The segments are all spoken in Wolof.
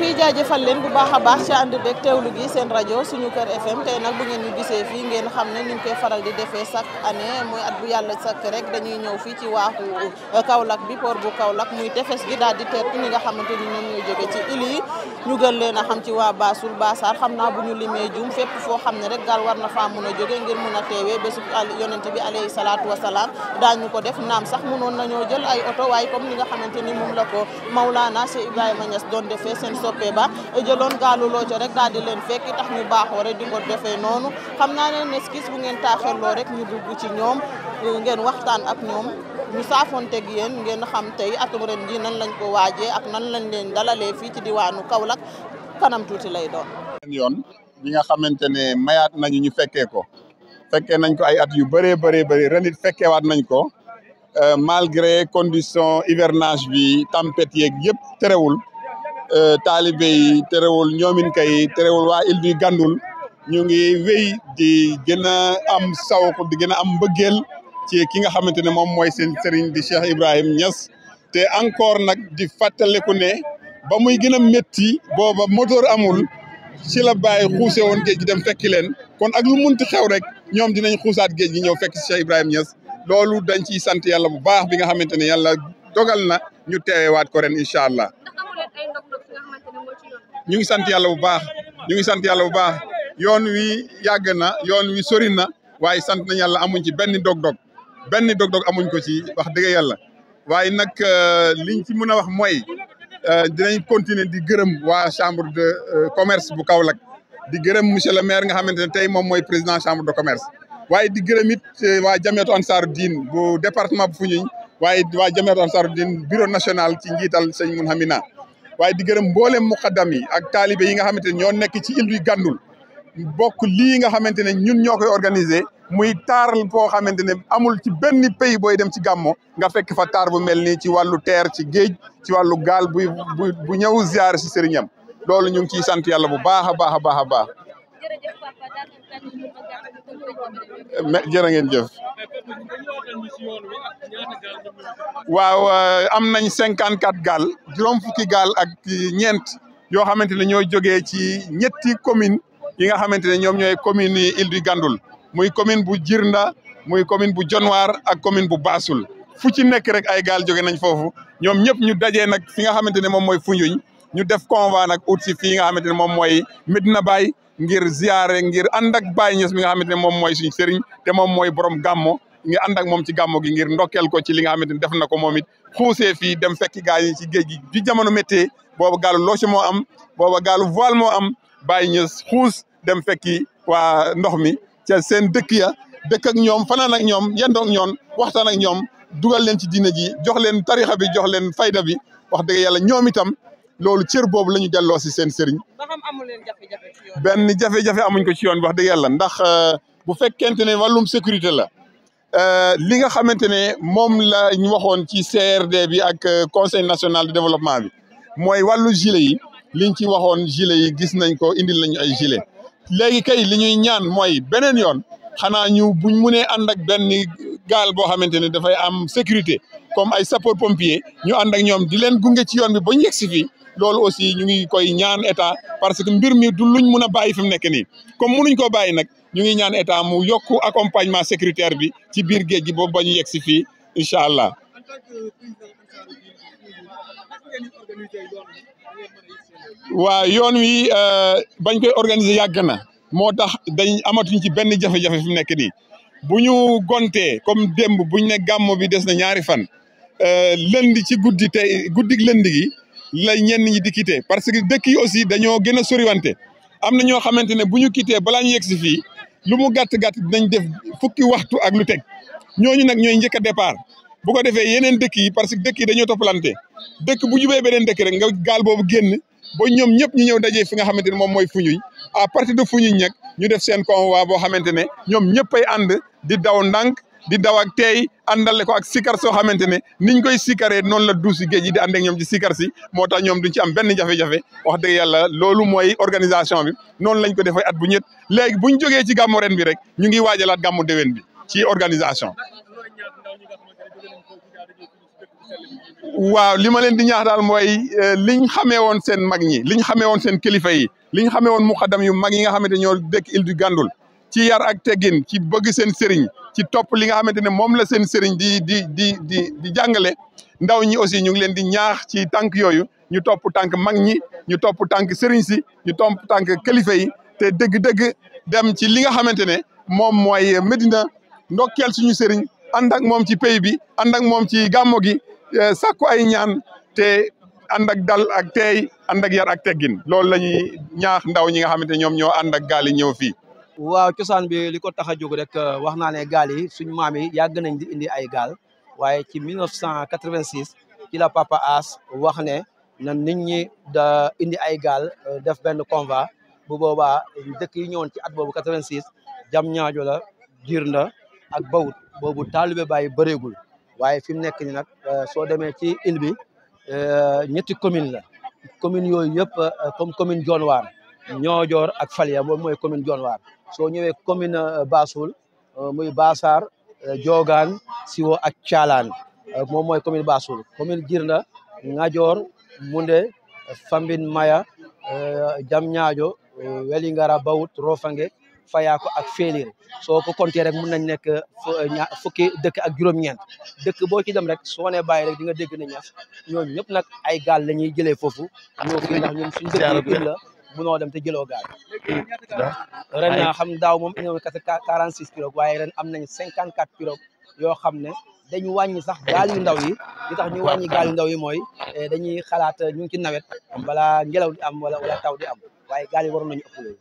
fii jaajëfal leen bu baax a baax ci ànd beeg teewlu gi seen rajo suñu kër FM tey nag bu ngeen ñu gisee fii ngeen xam ne ñu ngi koy faral di defee chaque année muy at bu yàlla sakk rek dañuy ñëw fii ci waaxu Kaolack bi port bu Kaolack muy tefes gi daal di teertu ñi nga xamante ni ñoom ñooy jóge ci île yi ñu gën leen a xam ci waa Bassoul Bassar xam naa bu limee jum fépp foo xam ne rek gaal war na faa mun a jóge ngir mun a teewee bésu yonent bi alayhi salaatu wasalaam daañu ko def naam sax mënoon nañoo jël ay oto waaye comme ni nga xamante ko Maulana Cheikh Ibrahima Niass doon defee seen soppe ba jëloon gaalu looco rek daal leen fekk tax ñu baaxoo rek di ko noonu xam naa ne neskis bu ngeen taaxelloo rek ñu dugg ci ñoom ngeen waxtaan ak ñoom ñu saafonteeg yéen ngeen xam tey atum ren ji nan lañ ko waajee ak nan lañ leen dalalee fi ci diwaanu kawlak kanam tuuti lay doon. yoon bi nga xamante ne mayaat nañu ñu fekkee ko fekkee nañ ko ay at yu bëree bëree bëri ren it fekkeewaat nañ ko euh, malgré condition hivernage bi tempet yeeg yëpp terewul Euh, taalibe yi terewul ñoomin kay terewul waa il bi gàndul ñu ngi wéy di gën a am sawq di gën a am mbëggeel ci ki nga xamante ne moom mooy seen sëriñ di Cheikh Ibrahim Niass te encore nag di fàttaleku ne ba muy gën a métti booba moteur amul ci la bàyyi xuuse woon géej gi dem fekki leen kon ak lu munti xew rek ñoom dinañ xuusaat géej gi ñëw fekk si Ibrahim Niass loolu dañ ci sant yàlla bu baax bi nga xamante ne yàlla dogal na ñu teewewaat ko ren incha allah ñu ngi sant yàlla bu baax ñu sant yàlla bu baax yoon wii yàgg na yoon wi sori na waaye sant nañ yàlla amuñ ci benn dog-dog benn dog-dog amuñ ko ci wax dëgg yàlla waaye nag euh, liñ ci mën a wax mooy euh, dinañ continuer di gërëm waa chambre de euh, commerce bu Kaolack di gërëm monsieur le maire nga xamante ne tey moom mooy président chambre de commerce waaye di gërëm it waa Jamiatu Ansaaru Diin bu département bu Foundiougne waaye waa Jamiatu Ansaaru Diin bureau national ci njiital sëñ Mouhamina waaye di gërëm mboolem muqaddam yi ak taalibe yi nga xamante ne ñoo nekk ci île du Gandoul bokk lii nga xamante ne ñun ñoo koy organiser muy taar boo xamante ne amul ci benn pays booy dem ci gàmmo nga fekk fa taar bu mel nii ci wàllu teer ci géej ci wàllu gaal bu bu bu ñëw ziar si sëriñam loolu ñu ngi ciy sant yàlla bu baax a baax a baax a baax jërë ngeen jëf waaw euh, am nañ cinquante quate gaal juróom fukki gaal ak ñeent yoo xamante ne ñoo jógee ci ñetti commune yi nga xamante ne ñoom ñooy commune yi Île du Gandoul muy commune bu Jirnda muy commune bu Dionewar ak commune bu Bassoul fu ci nekk rek ay gaal jóge nañ foofu ñoom ñëpp ñu dajee nag fi nga xamante ne moom mooy Foundiougne ñu def convoi nag ut si nga xamante ne moom mooy Medina Baye ngir ziyaare ngir ànd ak Baye Niass mi nga xamante ne moom mooy suñu sëriñ te moom mooy borom gàmmo ñu ànd ak moom ci gàmmo gi ngir ndokkeel ko ci li nga xamante ni def na ko moom it xuusee fii dem fekki gaa yi ci géej gi bi jamono méttee booba gaalu loche moo am booba gaalu voile moo am bàyyi ñu xuus dem fekki waa ndox mi ca seen dëkk ya dëkk ak ñoom fanaan ak ñoom yendoog ñoom waxtaan ak ñoom dugal leen ci diina ji jox leen tarixa bi jox leen fayda bi wax dëgg yàlla ñoom itam loolu cër boobu la ñu delloo si seen sëriñ. ba xam amul leen jafe-jafe amuñ ko ci yoon wax dëgg yàlla ndax euh, bu fekkente ne wàllum sécurité la. Euh, li nga xamante ne moom la ñu waxoon ci CRD bi ak euh, conseil national de développement bi mooy wàllu gilet yi liñ ci waxoon gilet yi gis nañ ko indil nañ ay gilet léegi kay li ñuy ñaan mooy beneen yoon xanaa ñu buñ munee ànd ak benn gaal boo xamante ne dafay am sécurité comme ay sapeur pompier ñu and ak ñom di len gungé ci yoon bi ba ñu yegg si fii aussi ñu ngi koy ñaan état parce que mbir mi du luñ mëna bayyi bàyyi fi mu nekk nii comme mënuñ ko bayyi nak ñu ngi ñaan état mu accompagnement sécuritaire bi ci bir geej gi bo ba yoon wi euh, bañ koy organiser yàgg na moo dañ amatuñ ci benn jafé jafé fi mu nekk nii bu comme demb buñ né gamu bi dess na ñaari fan Euh, lënd ci guddi tey guddi lënd gi la ñenn ñi di quitté parce que dëkk yi aussi dañoo gën a soriwante am na ñoo xamante ne bu ñu quitté balaa ñu yegg si fii lu mu gàtt gàtt dinañ def fukki waxtu ak lu teg ñooñu nag ñooy njëkk a départ bu ko defee yeneen dëkk yi parce que dëkk yi dañoo toppalante dëkk bu jubee beneen dëkk rek nga gaal boobu génn ba ñoom ñëpp ñu ñëw dajee fi nga xamante ne moom mooy fuñuy à partir de fuñuy nag ñu def seen waa boo xamante ne ñoom ñëpp ay ànd di daw ndànk di daw ak teey àndale ko ak sikar soo xamante ne niñ koy sikaree noonu la duusi géej yi di ànd ñoom ci sikar si moo tax ñoom duñ ci am benn jafe-jafe wax dëgg yàlla loolu mooy organisation bi noonu lañ ko defee at bu ñett léegi buñ jogee ci gàmmu ren bi rek ñu ngi waajalaat gàmmu déwén bi ci organisation waaw li ma leen di ñaax daal mooy euh, liñ xamee woon seen mag ñi liñ xamee woon seen kilifa yi liñ xamee woon muqaddam yu mag yi nga xamante ñoo dëkk il du gàndul ci yar ak teggin ci bëgg seen sëriñ ci topp li nga xamante ne moom la seen sëriñ di di di di di jàngale ndaw ñi aussi ñu ngi leen di ñaax ci tànk yooyu ñu topp tànk mag ñi ñu topp tànk sëriñ si ñu topp tànk kilifa yi te dëgg-dëgg dem ci li nga xamante ne moom mooy Medina ndokkeel suñu sëriñ ànd ak moom ci pay bi ànd ak moom ci gàmmo gi e, sàkku ay ñaan te ànd ak dal ak teey ànd ak yar ak teggin loolu la ñuy ñaax ndaw ñi nga xamante ne ñoom ñoo ànd ak gaal yi ñëw fii waaw cosaan bi li ko tax a jóg rek euh, wax naa ne gaal yi suñu maam yi yàgg nañ di indi ay gaal waaye ci 1986 ci la Papa As wax ne na nit ñi da indi ay gaal euh, def benn convoi bu boobaa dëkk yi ñëwoon ci at boobu 86 jam ñaajo la Jirnda ak Bawut boobu taalibe Baay bëreegul waaye fi mu nekk ni nag euh, soo demee ci île bi ñetti commune la commune yooyu yëpp comme commune Dionewar Ñoojoor ak faliya boobu mooy commune Dionewar soo ñëwee commune euh, Bassoul euh, muy Bassar jogan euh, Siwo ak Thialane moom mooy commune Bassoul commune Djirnda Ngajoor Munde Fambine Maya Diamniadio Vélingara Bawut Rofangue Fayako ak Félir soo ko compté rek mun nañ nekk fukki dëkk ak juróom-ñeent dëkk boo ci dem rek soo nee bàyyi rek di nga dégg na ñax ñooñu ñëpp nag ay gaal la ñuy jëlee foofu ñoo kii la munoo dem te jëloo gaal ren na xam daaw moom i woon kese quarante six pirogues waaye ren am nañ cinquante quatre pirogues yoo xam ne dañu wàññi sax gaal yu ndaw yi li tax ñu wàññi gaal yu ndaw yi mooy eh, dañuy xalaat eh, ñu ngi ci nawet balaa ngelaw di am wala taw di am waaye gaal yi waroon nañu ëpp loolu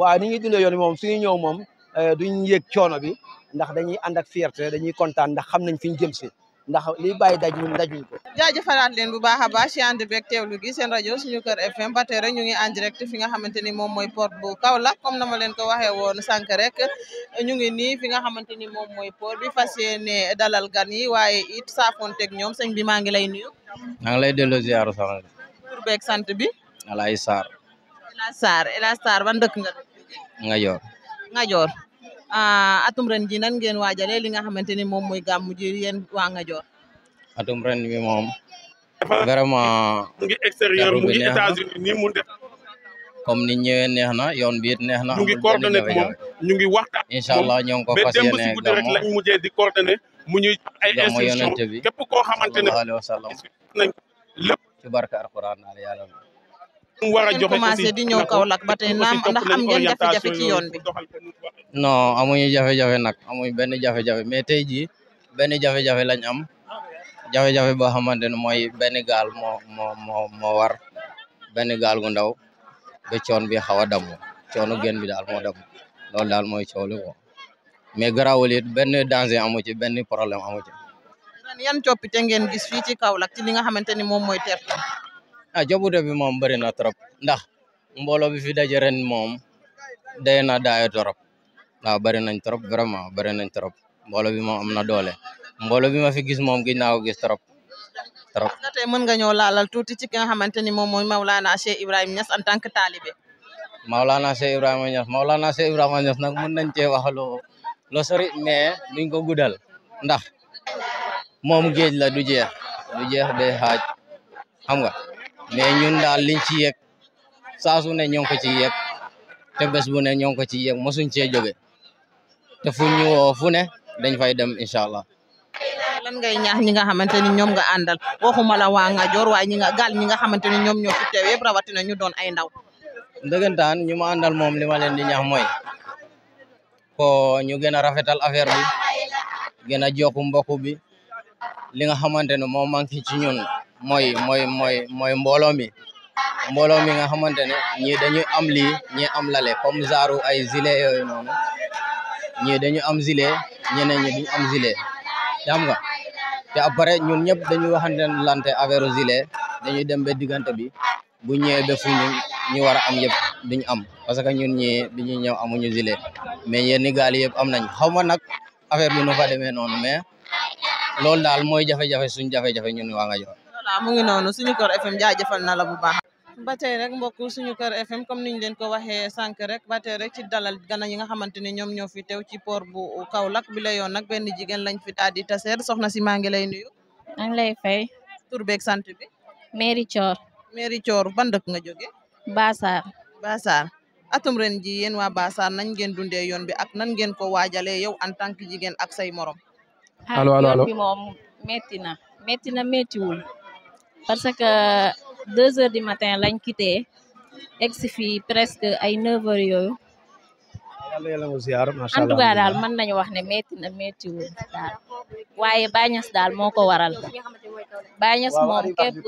waaw ni ñuy dundee yoon bi moom suñu ñëw moom eh, duñ yëg coono bi ndax dañuy ànd ak fierté dañuy kontaan ndax xam nañ fi ñu jëm si ndax li bay daj ñun dajuñ ko jaajëfalaat leen bu baax a baax ci ànd bek tewlu gi seen radio suñu kër FM ba tay rek ñu ngi en direct fi nga xamanteni mom moy port bu Kaolack comme nama leen ko waxe won sank rek ñu ngi ni fi nga xamanteni mom moy port bi fasiyene dalal gan yi waye it ak ñom señ bi ma ngi lay nuyu na ngi lay delo ziaru sax tur bek sante bi Alaay Sarr Elaaj sar ala sar ban dekk nga nga Ngajoor Ah, atum ren ji nan ngeen waajalee li nga xamante ni moom mooy gàmmu ji yéen waa Ngajoor atum ren bi moom vraiment mu ngi extérieur mu États-Unis ni ñëwee neex na yoon bi it neex na ñu ngi coordonné moom ñu ngi waxtaan incha allah ñoo ngi ko fas yéene si guddi rek lañ mujjee di coordonné mu ñuy ay instruction yàlla wara joxe commencé di ñëw Kaolack ba tey naam ndax am ngeen jafe-jafe ci yoon bi non amuñu jafe-jafe nag amuñu benn jafe-jafe mais tey jii benn jafe-jafe lañ am jafe-jafe boo xamante ne mooy benn gaal moo moo moo war benn gal gu ndaw ba coon bi xaw a damu coonu gën bi daal moo damu loolu daal mooy coow li ko mais garaawul it benn danger amu ci benn problème amu ci yan coppite ngeen gis ni moom mooy teer ah de bi mom bari na trop ndax mbolo bi fi daje ren mom, day na daay trop waaw nah, bari nañ trop vraiment bari nañ trop mbolo bi mom amna na doole mbolo bi ma fi gis mom ginaaw gis trop trop. na tay mën nga ñoo laalal tuuti ci nga xamanteni mom moy Maulana Cheikh ibrahim Niass en tant que talibé Maulana Cheikh ibrahim Niass Maulana Cheikh ibrahim Niass nak mën nañ ci wax lo sori mais duñ ko guddal ndax mom geej la du jeex du jeex day haaj xam nga. mais ñun daal li ci yegg saa su ne ñoo ko ci yegg te bés bu ne ñoo ngi ko ci yegg mosuñ cee jóge te fu ñu fu ne dañ fay dem incha allah. lan ngay ñaax ñi nga xamante ni ñoom nga àndal waxuma la waa nga joor waaye ñi nga gaal ñi nga xamante ni ñoom ñoo fi teew yëpp rawatina ñu doon ay ndaw. dëggantaan ñu ma àndal moom li ma leen di ñaax mooy ko ñu gën a rafetal affaire bi gën a jokk mbokk bi li nga xamante ne moom manqué ci ñun. mooy mooy mooy mooy mbooloo mi mbooloo mi nga xamante ne ñii dañuy am lii ñii am lale comme zaaru ay gilet yooyu noonu ñii dañu am gilet ñeneen ñi duñu am gilet xam nga te après ñun ñëpp dañuy waxante lante affaire gilet dañuy dem ba diggante bi bu ñëwee ba fu ñu war a am yëpp duñu am parce que ñun ñi bi ñuy ñëw amuñu gilet mais yéen ni gaal yëpp am nañ xaw ma nag affaire bi nu fa demee noonu mais loolu daal mooy jafe-jafe suñ jafe-jafe ñun waa voilà mu ngi noonu suñu kor FM jaajëfal na la bu baax. ba rek suñu FM comme niñ leen ko rek rek ci dalal gana yi nga xamante ne ñoo fi ci port bu Kaolack bi la yoon nag benn jigéen lañ fi di soxna si maa lay nuyu. ngi lay fay. bi. Mary chor Mary chor ban nga jóge. Basaar. Basaar atum ren ji yéen waa Basaar nañ ngeen yoon bi ak nan ngeen ko waajalee yow en tant que jigéen ak say morom. allo allo allo bi na na parce que 2 heures du matin lañ quitté ex fi presque ay 9 heures yo yalla yalla mo ziar ma sha Allah dal man nañ wax né metti na metti wu dal waye bañas dal moko waral bañas mom képp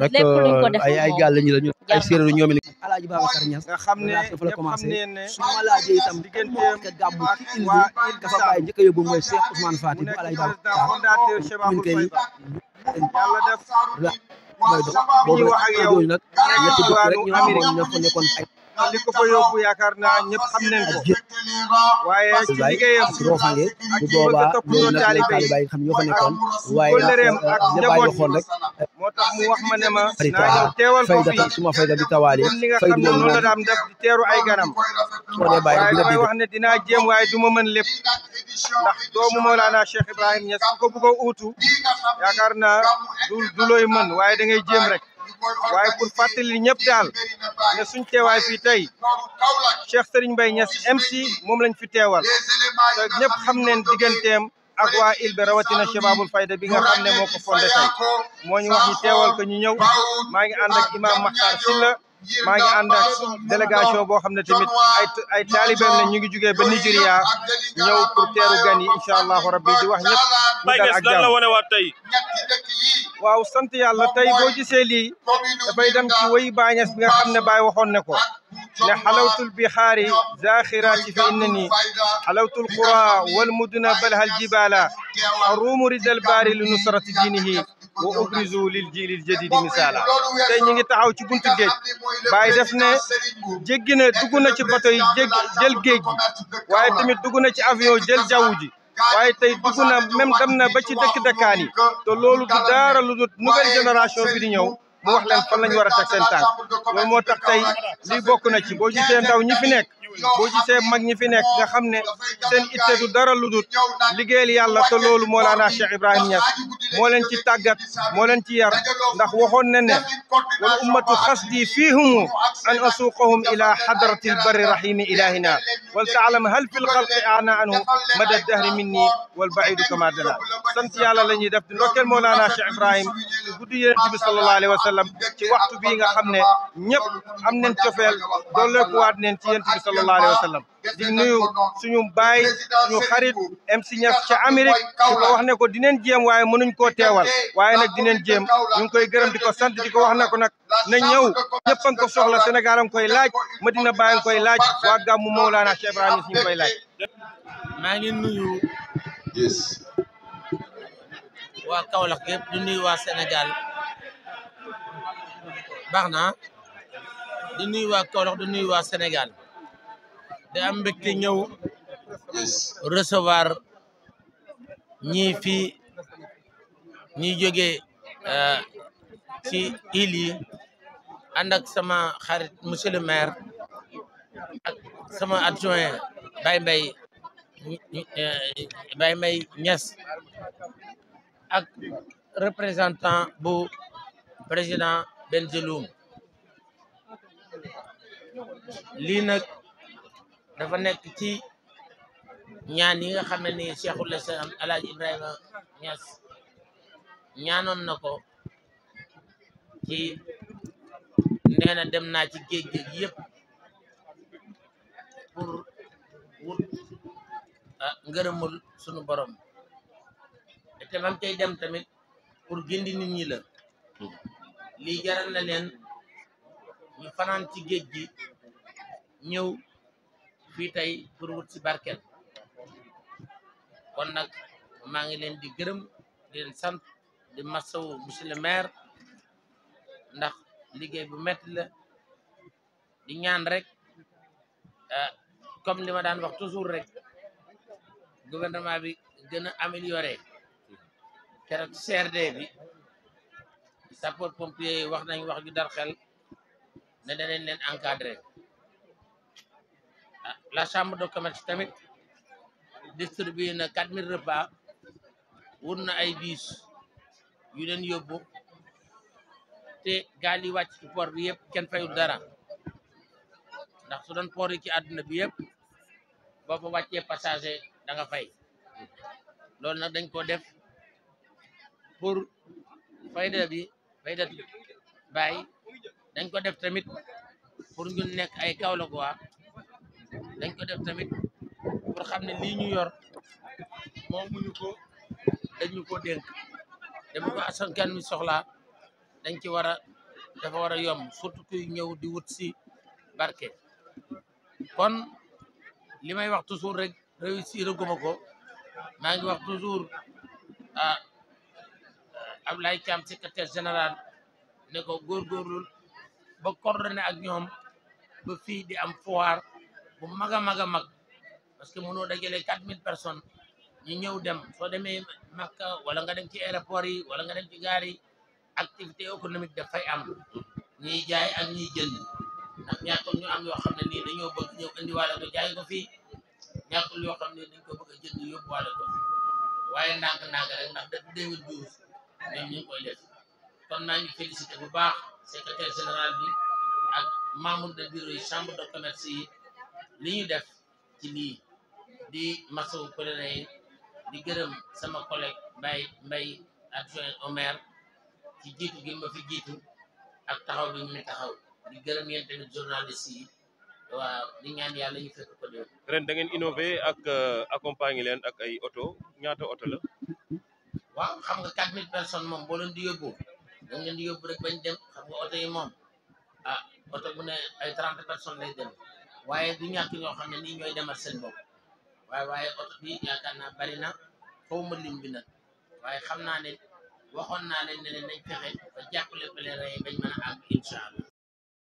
lépp lu ko def euh, ay ay gal lañu lañu ay séeréer ñoom ni alaaji Babacar Niass nga xamné ne dafa la commencé su ma itam digënté ak gabu ci indi ka fa njëkk a yóbbu moy Cheikh Ousmane Fati bu alaaji Babacar ñu koy yàlla def mooy dox boobu nag ñetti dëkk rek li ko fa yaakaar naa ñëpp xam nañ waaye ci liggéeyam ak roofange bu boobaa loolu nag la xam moo tax mu wax ma ne ma naa ñëw teewal ko fii suma fayda bi tawaale comme xam ne noonu la daam teeru ay ganam waaye damay wax ne dinaa jéem waaye du ma mën lépp ndax doomu Mawlaana Cheikh Ibrahim Niass ko bëgg a yaakaar naa du du waaye da ngay jéem rek waaye pour fàttali ñëpp daal ne suñ teewaay fii tey Cheikh Serigne bay Niass MC moom lañ fi teewal te ñëpp xam neen digganteem ak waa ILBE rawatina Shababul Fayda bi nga xam ne moo ko fondé tey moo ñu wax ñu teewal ko ñu ñëw maa ngi ànd ak imam Makhtar maa ngi ànd ak boo xam ne tamit ay ay taalibeem ne ñu ngi jugee ba Nigéria ñëw pour teeru gan yi incha allahu rabbi di wax ñëpp ñu dal ak jàmm la wane waat tey waaw sant yàlla tey boo gisee lii dafay dem ci way bañas bi nga xamne bay waxon waxoon ne ko ne xalawtul bixaari zaaxiraati fa innani halawtul qura wal mudna bal hal jibala aruumu ridal bari li nusrati dinihi wa ubrizu lil jil al jadid misala tay ñi ngi taxaw ci buntu géej bay def ne jeegina duguna ci bato yi jeel géej waye tamit duguna ci avion jeel jawuji waaye tey dugg na même dem na ba ci dëkk dëkkaan yi te loolu du dara lu dul nouvelle génération bi di ñëw mu wax leen fan la ñu war a teg seen tànk loolu moo tax tey lii bokk na ci boo gisee ndaw ñi fi nekk. boo gisee mag ñi fi nekk nga xam ne seen itte du dara lu dul liggéeyal yàlla te loolu Mawlana Cheikh Ibrahim Niass moo leen ci tàggat moo leen ci yar ndax waxoon na ne wal ummatu xasdi fiihumu an asuuqahum ila xadrati lbarri rahimi ilahina wal taalam hal fi lxalqi ana anhu mada dahri minni wal baidu kama dala sant yàlla la ñuy def di ndokkeel Mawlana Cheikh Ibrahim ci guddi yonent bi sallallahu alayhi wa sallam ci waxtu bii nga xam ne ñëpp am nañ cofeel dooleekuwaat neen ci yonent bi sallallahu alayhi wa sallam di nuyu suñu baay suñu xarit MC Niass ca Amérique di ko wax ko dineen jéem waaye mënuñ koo teewal waaye nag dineen jéem ñu ngi koy gërëm di ko sant di ko wax ne ko nag na ñëw ñëpp ko soxla Sénégal a koy laaj Medina Baay a ngi koy laaj gàmmu Mawlaana Cheikh Ibrahima ñu ngi koy laaj. maa di nuyu waa Sénégal na di nuyu waa Kaolack di nuyu di am mbégte ñëw recevoir ñii fii ñiy jógee euh, ci île yi ànd ak sama xarit monsieur le maire ak sama adjoint Baye Mbaye euh, Baye Mbaye Niass ak représentant bu président Benjeloum lii nag dafa nekk ci ñaan yi nga xam ne ni cheikhul islam alaaji ibrahima ñas ñaanoon na ko ci nee na dem naa ci géej géej yëpp pour wut ah, ngërëmul sunu borom te mam dem tamit pour gindi nit ñi la lii jaral leen ñu fanaan ci géej gi fii tey pour wut si barkeel kon nag maa ngi leen di gërëm di sant di masawu monsieur ndax liggéey bu metti la di ñaan rek ah, comme li ma daan wax toujours rek gouvernement bi gën a amélioré keroog CRD bi sapeur pompier wax nañ wax ju dar ne danañ leen encadré la chambre de commerce tamit distribué na 4000 repas wut na ay biis yu leen yóbbu te gaal yi wàcc ci bi yëpp kenn fayul dara ndax su doon port yi ci àdduna bi yëpp boo fa wàccee passager da nga fay loolu nag dañ ko def pour fayda bi fayda bay dañ ko def tamit pour ñu nekk ay Kaolack waa dañ ko def tamit pour xam ne lii ñu yor moomuñu ko ko dénk dem ko mi soxlaa dañ ci war a dafa war a yomb surtout kuy ñëw di wut si barke kon li may wax toujours rek réussir guma ko maa ngi wax toujours ah Ablaye Thiam secrétaire général ne ko góorgóorlu ba coordonné ak ñoom ba fii di am foire bu maga maga mag parce que mënoo dajale 4000 personnes ñi ñew dem so demee Makka wala nga dem ci aéroport yi wala nga dem ci gare yi activité économique da fay am ñi jaay ak ñi jënd ak ñàkkul ñu am yo xamné ni nii dañoo bëgg andi wala ko jaay ko fi ñàkkul yoo xamné ne dañ ko bëgg a yob wala ko waye waaye nak rek ndax da 2012 ñoom ñu ngi koy def kon na ñu féliciter bu baax secrétaire général bi ak membre de bureau chambre de commerce yi liñu def ci li di masawu pèlerin di gërëm sama collègue bay mbay adjoint omer maire ci jitu gi ma fi jitu ak taxaw bi ñu taxaw di gërëm yeen tamit journaliste yi wa di ñaan yalla ñu fekk ko déwén. ren da ngeen innover ak euh, accompagner leen ak ay auto ñaata auto la. wa xam nga 4000 personnes mom bo leen di yobbu ñu ngeen di yobbu rek bañ dem xam nga auto yi mom ah auto bu ne ay 30 personnes lay dem. waaye du ñàkk ñoo xam ne nii ñooy demal seen bopp waaye waaye oto bi yaakaar na bari na xaw ma lim bi nag waaye xam naa ne waxoon naa leen ne leen nañ fexe ba jàppale pèlerin yi bañ mën a àgg incha